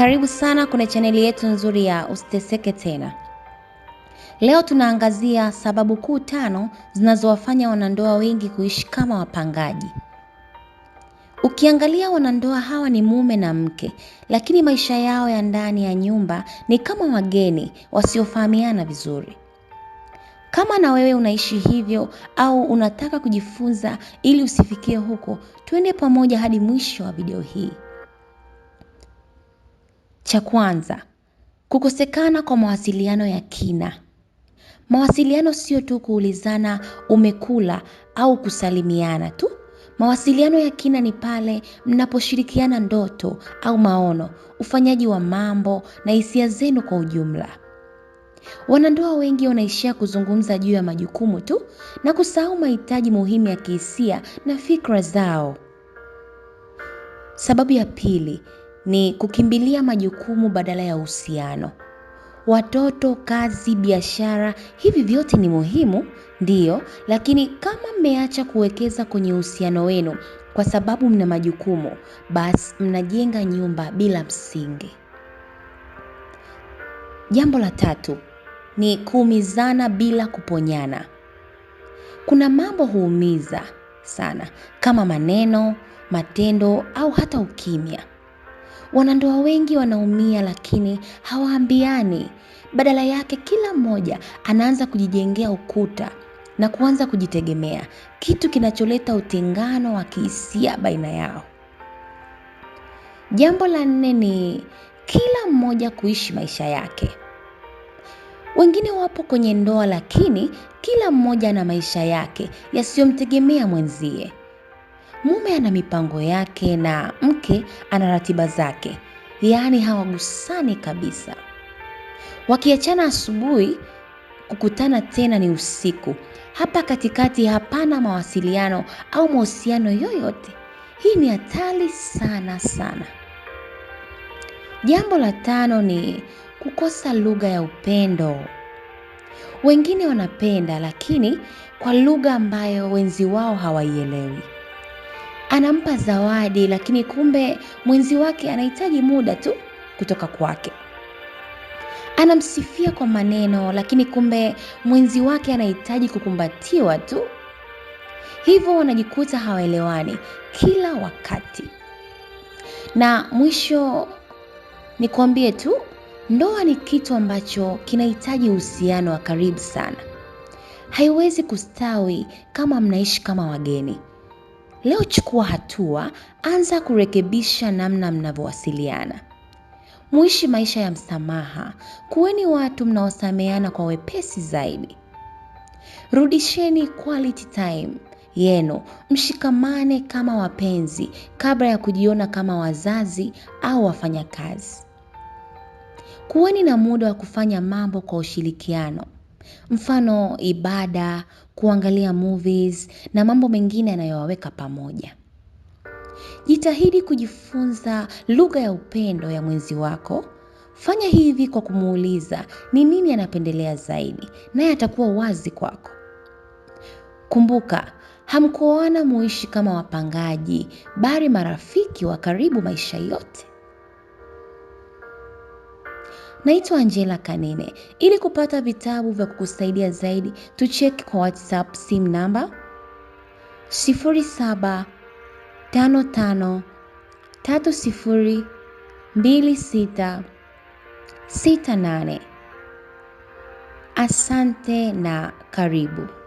Karibu sana kwenye chaneli yetu nzuri ya Usiteseke Tena. Leo tunaangazia sababu kuu tano zinazowafanya wanandoa wengi kuishi kama wapangaji. Ukiangalia wanandoa hawa ni mume na mke, lakini maisha yao ya ndani ya nyumba ni kama wageni wasiofahamiana vizuri. Kama na wewe unaishi hivyo au unataka kujifunza ili usifikie huko, twende pamoja hadi mwisho wa video hii. Cha kwanza, kukosekana kwa mawasiliano ya kina. Mawasiliano sio tu kuulizana umekula au kusalimiana tu. Mawasiliano ya kina ni pale mnaposhirikiana ndoto au maono, ufanyaji wa mambo na hisia zenu kwa ujumla. Wanandoa wengi wanaishia kuzungumza juu ya majukumu tu na kusahau mahitaji muhimu ya kihisia na fikra zao. Sababu ya pili, ni kukimbilia majukumu badala ya uhusiano. Watoto, kazi, biashara, hivi vyote ni muhimu, ndiyo, lakini kama mmeacha kuwekeza kwenye uhusiano wenu kwa sababu mna majukumu, basi mnajenga nyumba bila msingi. Jambo la tatu ni kuumizana bila kuponyana. Kuna mambo huumiza sana kama maneno, matendo au hata ukimya. Wanandoa wengi wanaumia, lakini hawaambiani. Badala yake, kila mmoja anaanza kujijengea ukuta na kuanza kujitegemea, kitu kinacholeta utengano wa kihisia baina yao. Jambo la nne ni kila mmoja kuishi maisha yake. Wengine wapo kwenye ndoa, lakini kila mmoja ana maisha yake yasiyomtegemea mwenzie. Mume ana mipango yake na mke ana ratiba zake, yaani hawagusani kabisa. Wakiachana asubuhi, kukutana tena ni usiku. Hapa katikati hapana mawasiliano au mahusiano yoyote. Hii ni hatari sana sana. Jambo la tano ni kukosa lugha ya upendo. Wengine wanapenda lakini kwa lugha ambayo wenzi wao hawaielewi anampa zawadi, lakini kumbe mwenzi wake anahitaji muda tu kutoka kwake. Anamsifia kwa maneno, lakini kumbe mwenzi wake anahitaji kukumbatiwa tu. Hivyo wanajikuta hawaelewani kila wakati, na mwisho nikuambie tu, ndoa ni kitu ambacho kinahitaji uhusiano wa karibu sana. Haiwezi kustawi kama mnaishi kama wageni. Leo chukua hatua, anza kurekebisha namna mnavyowasiliana. Muishi maisha ya msamaha, kuweni watu mnaosameana kwa wepesi zaidi. Rudisheni quality time yenu, mshikamane kama wapenzi kabla ya kujiona kama wazazi au wafanyakazi. Kuweni na muda wa kufanya mambo kwa ushirikiano. Mfano ibada, kuangalia movies na mambo mengine yanayowaweka pamoja. Jitahidi kujifunza lugha ya upendo ya mwenzi wako. Fanya hivi kwa kumuuliza ni nini anapendelea zaidi naye atakuwa wazi kwako. Kumbuka, hamkuoana muishi kama wapangaji, bali marafiki wa karibu maisha yote. Naitwa Angela Kanine. Ili kupata vitabu vya kukusaidia zaidi, tucheck kwa WhatsApp simu namba nane. Asante na karibu.